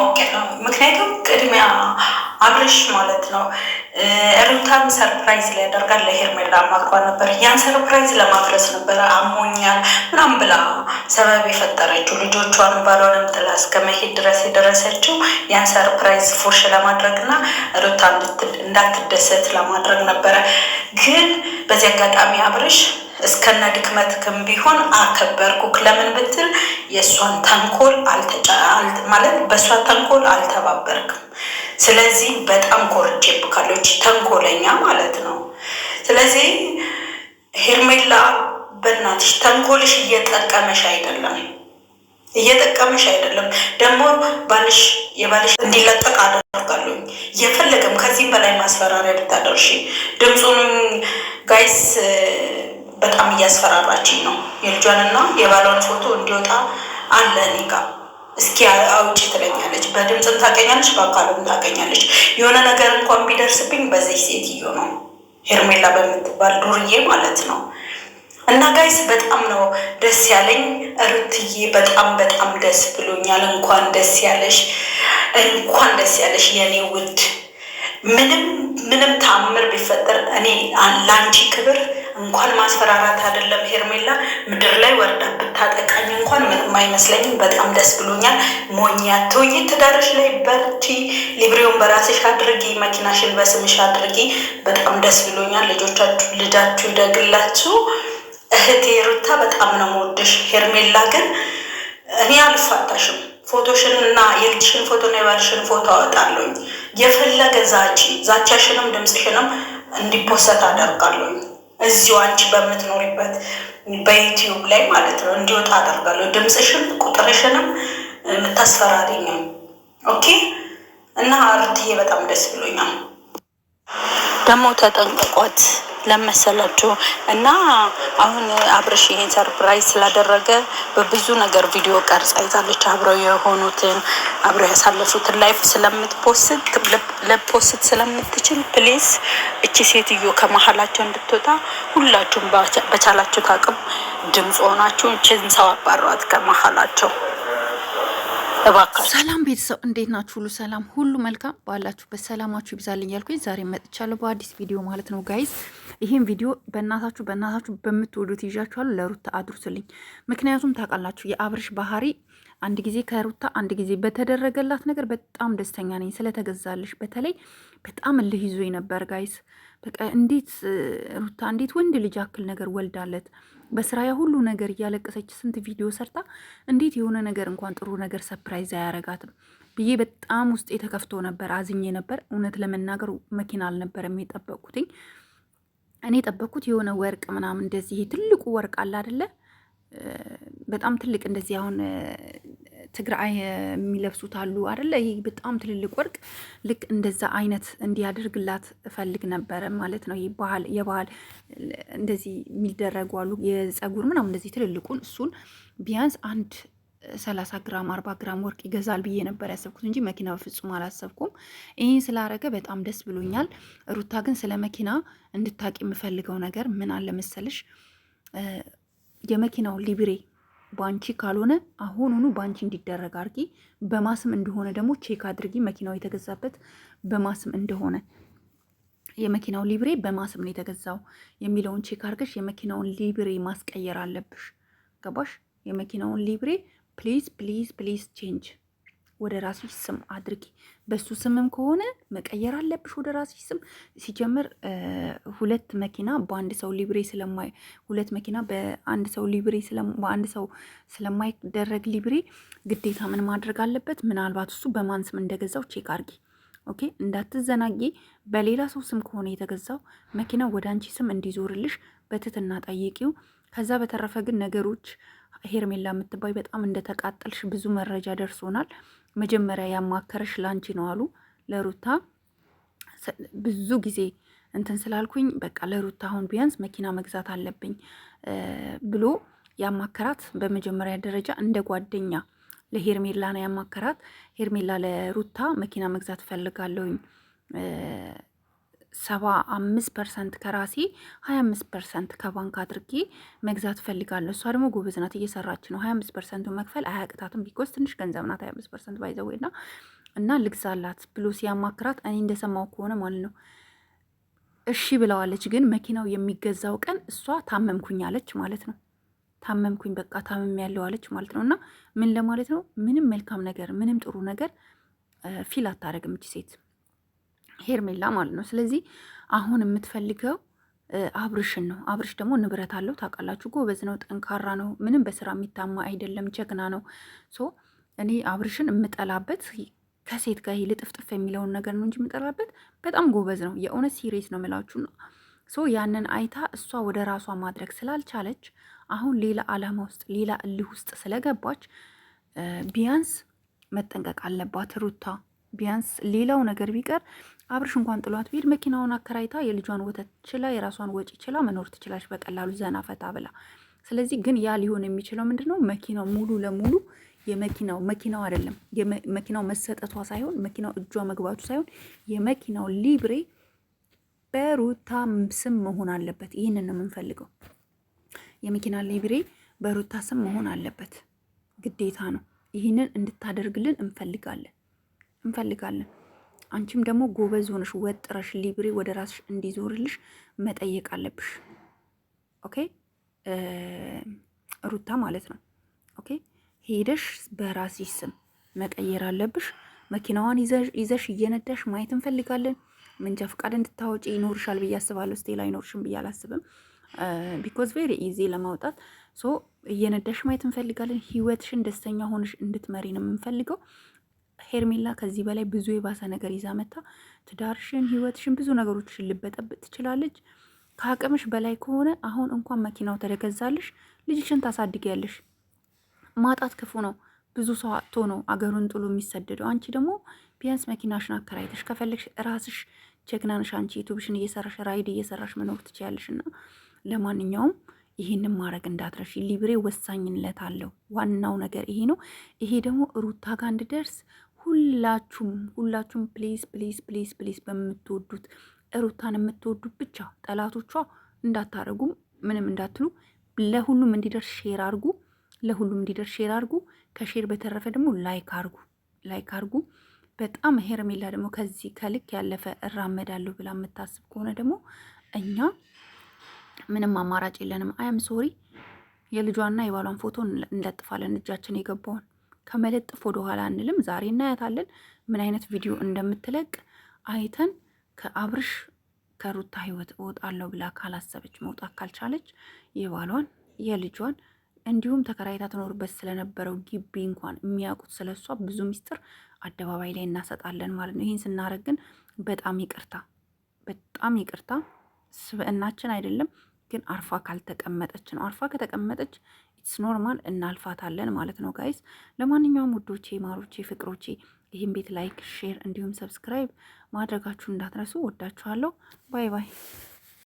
አውቄ ነው። ምክንያቱም ቅድሚያ አብርሽ ማለት ነው ሩታን ሰርፕራይዝ ሊያደርጋት ለሄርሜላ ማቅባ ነበር። ያን ሰርፕራይዝ ለማድረስ ነበረ አሞኛል ምናም ብላ ሰበብ የፈጠረችው ልጆቿን ባሏንም ጥላ እስከ መሄድ ድረስ የደረሰችው ያን ሰርፕራይዝ ፎሽ ለማድረግ እና ሩታ እንዳትደሰት ለማድረግ ነበረ። ግን በዚህ አጋጣሚ አብርሽ እስከነ ድክመትክም ቢሆን አከበርኩክ። ለምን ብትል የእሷን ተንኮል ማለት በእሷ ተንኮል አልተባበርክም። ስለዚህ በጣም ኮርቼብካለሁ። ተንኮለኛ ማለት ነው። ስለዚህ ሄርሜላ በእናትሽ ተንኮልሽ እየጠቀመሽ አይደለም እየጠቀመሽ አይደለም። ደግሞ ባልሽ የባልሽ እንዲለጠቅ አደርጋለሁ። የፈለገም ከዚህም በላይ ማስፈራሪያ ብታደርሺ ድምፁን ጋይስ በጣም እያስፈራራችኝ ነው። የልጇንና የባሏን ፎቶ እንዲወጣ አለ እኔ ጋ እስኪ አውጭ ትለኛለች። በድምፅም ታገኛለች፣ በአካልም ታገኛለች። የሆነ ነገር እንኳን ቢደርስብኝ በዚህ ሴትዮ ነው ሄርሜላ በምትባል ዱርዬ ማለት ነው። እና ጋይስ በጣም ነው ደስ ያለኝ። ሩትዬ በጣም በጣም ደስ ብሎኛል። እንኳን ደስ ያለሽ፣ እንኳን ደስ ያለሽ የኔ ውድ። ምንም ምንም ተአምር ቢፈጠር እኔ ለአንቺ ክብር እንኳን ማስፈራራት አይደለም ሄርሜላ ምድር ላይ ወርዳ ብታጠቃኝ እንኳን ምንም አይመስለኝም። በጣም ደስ ብሎኛል። ሞኛ ቶይ ትዳርሽ ላይ በርቺ፣ ሊብሬውን በራስሽ አድርጊ፣ መኪናሽን በስምሽ አድርጊ። በጣም ደስ ብሎኛል። ልጆቻችሁ ልዳችሁ ይደግላችሁ። እህቴ ሩታ በጣም ነው የምወድሽ። ሄርሜላ ግን እኔ አልፋታሽም። ፎቶሽን እና የልጅሽን ፎቶ እና የባልሽን ፎቶ አወጣለሁኝ። የፈለገ ዛቺ ዛቻሽንም ድምፅሽንም እንዲፖሰት አደርጋለሁኝ። እዚሁ አንቺ በምትኖሪበት በዩትዩብ ላይ ማለት ነው እንዲወጣ አደርጋለሁ። ድምፅሽን ቁጥርሽንም የምታስፈራሪኝ ኦኬ እና አርትዬ በጣም ደስ ብሎኛል። ደግሞ ተጠንቀቋት። ለመሰላችሁ እና አሁን አብርሽ ይሄን ሰርፕራይዝ ስላደረገ በብዙ ነገር ቪዲዮ ቀርጻ ይዛለች። አብረው የሆኑትን አብረው ያሳለፉትን ላይፍ ስለምትፖስት ለፖስት ስለምትችል ፕሌስ እቺ ሴትዮ ከመሀላቸው እንድትወጣ ሁላችሁም በቻላችሁ ታቅም ድምፅ ሆናችሁ እችን ሰው አባሯት ከመሀላቸው ሰላም ቤተሰብ እንዴት ናችሁ? ሁሉ ሰላም፣ ሁሉ መልካም ባላችሁበት ሰላማችሁ ይብዛልኝ ያልኩኝ ዛሬ መጥቻለሁ በአዲስ ቪዲዮ ማለት ነው ጋይዝ። ይህም ቪዲዮ በእናታችሁ በእናታችሁ በምትወዱት ይዣችኋሉ፣ ለሩታ አድርሱልኝ። ምክንያቱም ታውቃላችሁ የአብርሽ ባህሪ አንድ ጊዜ ከሩታ አንድ ጊዜ በተደረገላት ነገር በጣም ደስተኛ ነኝ ስለተገዛልሽ። በተለይ በጣም እልህ ይዞ ነበር ጋይዝ በቃ እንዴት ሩታ እንዴት ወንድ ልጅ አክል ነገር ወልዳለት በስራ ያ ሁሉ ነገር እያለቀሰች ስንት ቪዲዮ ሰርታ እንዴት የሆነ ነገር እንኳን ጥሩ ነገር ሰፕራይዝ አያረጋትም ብዬ በጣም ውስጥ ተከፍቶ ነበር፣ አዝኜ ነበር። እውነት ለመናገር መኪና አልነበረም የጠበቅኩትኝ። እኔ የጠበቅኩት የሆነ ወርቅ ምናምን እንደዚህ ትልቁ ወርቅ አለ አደለ? በጣም ትልቅ እንደዚህ አሁን ትግራይ የሚለብሱት አሉ አደለ? ይህ በጣም ትልልቅ ወርቅ ልክ እንደዛ አይነት እንዲያደርግላት እፈልግ ነበረ ማለት ነው። ባህል የባህል እንደዚህ የሚደረጉ አሉ፣ የጸጉር ምናምን እንደዚህ ትልልቁን፣ እሱን ቢያንስ አንድ ሰላሳ ግራም አርባ ግራም ወርቅ ይገዛል ብዬ ነበር ያሰብኩት እንጂ መኪና በፍጹም አላሰብኩም። ይህን ስላረገ በጣም ደስ ብሎኛል። ሩታ ግን ስለ መኪና እንድታቂ የምፈልገው ነገር ምን አለ መሰልሽ የመኪናው ሊብሬ ባንቺ ካልሆነ አሁኑኑ ባንቺ እንዲደረግ አድርጊ። በማስም እንደሆነ ደግሞ ቼክ አድርጊ። መኪናው የተገዛበት በማስም እንደሆነ የመኪናው ሊብሬ በማስም ነው የተገዛው የሚለውን ቼክ አድርገሽ የመኪናውን ሊብሬ ማስቀየር አለብሽ። ገባሽ? የመኪናውን ሊብሬ ፕሊዝ ፕሊዝ ፕሊዝ ቼንጅ ወደ ራስሽ ስም አድርጊ። በሱ ስምም ከሆነ መቀየር አለብሽ ወደ ራስሽ ስም። ሲጀምር ሁለት መኪና በአንድ ሰው ሊብሬ ስለማይ ሁለት መኪና በአንድ ሰው ሊብሬ በአንድ ሰው ስለማይደረግ ሊብሬ ግዴታ ምን ማድረግ አለበት? ምናልባት እሱ በማን ስም እንደገዛው ቼክ አርጊ። ኦኬ እንዳትዘናጊ። በሌላ ሰው ስም ከሆነ የተገዛው መኪና ወደ አንቺ ስም እንዲዞርልሽ በትትና ጠይቂው። ከዛ በተረፈ ግን ነገሮች ሄርሜላ የምትባይ በጣም እንደተቃጠልሽ ብዙ መረጃ ደርሶናል። መጀመሪያ ያማከረሽ ላንቺ ነው አሉ ለሩታ ብዙ ጊዜ እንትን ስላልኩኝ በቃ ለሩታ አሁን ቢያንስ መኪና መግዛት አለብኝ ብሎ ያማከራት በመጀመሪያ ደረጃ እንደ ጓደኛ ለሄርሜላ ነው ያማከራት። ሄርሜላ ለሩታ መኪና መግዛት ፈልጋለሁኝ ሰባ አምስት ፐርሰንት ከራሴ ሀያ አምስት ፐርሰንት ከባንክ አድርጌ መግዛት ፈልጋለሁ። እሷ ደግሞ ጎበዝ ናት፣ እየሰራች ነው። ሀያ አምስት ፐርሰንቱ መክፈል አያቅታትም። ቢኮስ ትንሽ ገንዘብ ናት። ሀያ አምስት ፐርሰንት ባይዘወይ ና እና ልግዛላት ብሎ ሲያማክራት እኔ እንደሰማው ከሆነ ማለት ነው እሺ ብለዋለች። ግን መኪናው የሚገዛው ቀን እሷ ታመምኩኝ አለች ማለት ነው። ታመምኩኝ በቃ ታመም ያለው አለች ማለት ነው። እና ምን ለማለት ነው? ምንም መልካም ነገር ምንም ጥሩ ነገር ፊል አታደርግም እች ሴት ሄርሜላ ማለት ነው። ስለዚህ አሁን የምትፈልገው አብርሽን ነው። አብርሽ ደግሞ ንብረት አለው ታውቃላችሁ። ጎበዝ ነው፣ ጠንካራ ነው፣ ምንም በስራ የሚታማ አይደለም፣ ጀግና ነው። ሶ እኔ አብርሽን የምጠላበት ከሴት ጋር ልጥፍጥፍ የሚለውን ነገር ነው እንጂ የምጠላበት በጣም ጎበዝ ነው። የእውነት ሲሪየስ ነው የምላችሁ ሶ ያንን አይታ እሷ ወደ ራሷ ማድረግ ስላልቻለች አሁን ሌላ ዓላማ ውስጥ ሌላ እልህ ውስጥ ስለገባች ቢያንስ መጠንቀቅ አለባት ሩታ። ቢያንስ ሌላው ነገር ቢቀር አብርሽ እንኳን ጥሏት ቢሄድ መኪናውን አከራይታ የልጇን ወተት ችላ የራሷን ወጪ ችላ መኖር ትችላለች፣ በቀላሉ ዘና ፈታ ብላ። ስለዚህ ግን ያ ሊሆን የሚችለው ምንድን ነው? መኪናው ሙሉ ለሙሉ የመኪናው መኪናው አይደለም መኪናው መሰጠቷ ሳይሆን መኪናው እጇ መግባቱ ሳይሆን የመኪናው ሊብሬ በሩታ ስም መሆን አለበት። ይህንን ነው የምንፈልገው። የመኪና ሊብሬ በሩታ ስም መሆን አለበት፣ ግዴታ ነው። ይህንን እንድታደርግልን እንፈልጋለን። እንፈልጋለን። አንቺም ደግሞ ጎበዝ ሆነሽ ወጥረሽ ሊብሬ ወደ ራስሽ እንዲዞርልሽ መጠየቅ አለብሽ። ኦኬ ሩታ ማለት ነው። ኦኬ ሄደሽ በራስሽ ስም መቀየር አለብሽ። መኪናዋን ይዘሽ እየነዳሽ ማየት እንፈልጋለን። መንጃ ፈቃድ እንድታወጪ ይኖርሻል ብዬ አስባለሁ። ስቴል አይኖርሽም ብዬ አላስብም። ቢኮዝ ቬሪ ኢዚ ለማውጣት ሶ እየነዳሽ ማየት እንፈልጋለን። ህይወትሽን ደስተኛ ሆነሽ እንድትመሪ ነው የምንፈልገው። ሄርሜላ ከዚህ በላይ ብዙ የባሰ ነገር ይዛ መታ ትዳርሽን፣ ህይወትሽን፣ ብዙ ነገሮችሽን ልበጠብጥ ትችላለች። ከአቅምሽ በላይ ከሆነ አሁን እንኳን መኪናው ተደገዛልሽ፣ ልጅሽን ታሳድጊያለሽ። ማጣት ክፉ ነው። ብዙ ሰው አጥቶ ነው አገሩን ጥሎ የሚሰደደው። አንቺ ደግሞ ቢያንስ መኪናሽን አከራይተሽ ከፈለግሽ ራስሽ ቸክናንሽ አንቺ ዩቱብሽን እየሰራሽ ራይድ እየሰራሽ መኖር ትችያለሽ። እና ለማንኛውም ይህንን ማድረግ እንዳትረሽ። ሊብሬ ወሳኝነት አለው። ዋናው ነገር ይሄ ነው። ይሄ ደግሞ ሩታ ጋር እንድደርስ ሁላችሁም ሁላችሁም ፕሊዝ ፕሊዝ ፕሊዝ ፕሊዝ በምትወዱት ሩታን የምትወዱት ብቻ ጠላቶቿ እንዳታረጉ ምንም እንዳትሉ፣ ለሁሉም እንዲደርስ ሼር አርጉ። ለሁሉም እንዲደርስ ሼር አርጉ። ከሼር በተረፈ ደግሞ ላይክ አርጉ፣ ላይክ አርጉ። በጣም ሄርሜላ ደግሞ ከዚህ ከልክ ያለፈ እራመዳለሁ ብላ የምታስብ ከሆነ ደግሞ እኛ ምንም አማራጭ የለንም። አያም ሶሪ የልጇና የባሏን ፎቶ እንለጥፋለን እጃችን የገባውን ከመለጠፍ ወደኋላ አንልም። ዛሬ እናያታለን ምን አይነት ቪዲዮ እንደምትለቅ አይተን ከአብርሽ ከሩታ ህይወት እወጣለሁ ብላ ካላሰበች መውጣት ካልቻለች የባሏን የልጇን እንዲሁም ተከራይታ ትኖርበት ስለነበረው ግቢ እንኳን የሚያውቁት ስለሷ ብዙ ሚስጥር አደባባይ ላይ እናሰጣለን ማለት ነው። ይህን ስናደርግ ግን በጣም ይቅርታ በጣም ይቅርታ ስብዕናችን አይደለም፣ ግን አርፋ ካልተቀመጠች ነው። አርፋ ከተቀመጠች ኖርማል እናልፋታለን ማለት ነው ጋይስ። ለማንኛውም ውዶቼ፣ ማሮቼ፣ ፍቅሮቼ ይህን ቤት ላይክ፣ ሼር እንዲሁም ሰብስክራይብ ማድረጋችሁን እንዳትረሱ። ወዳችኋለሁ። ባይ ባይ።